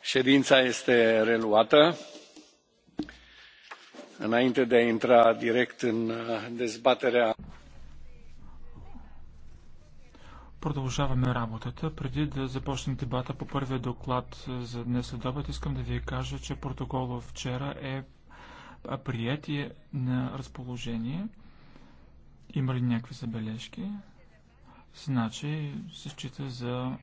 ședința este reluată. înainte de a intra direct în uh, dezbaterea Продължаваме работата. Преди да започнем дебата по първия доклад е, за днес следобед, искам да ви кажа, че протоколът вчера е прият и е на разположение. Има ли някакви забележки? Значи се счита за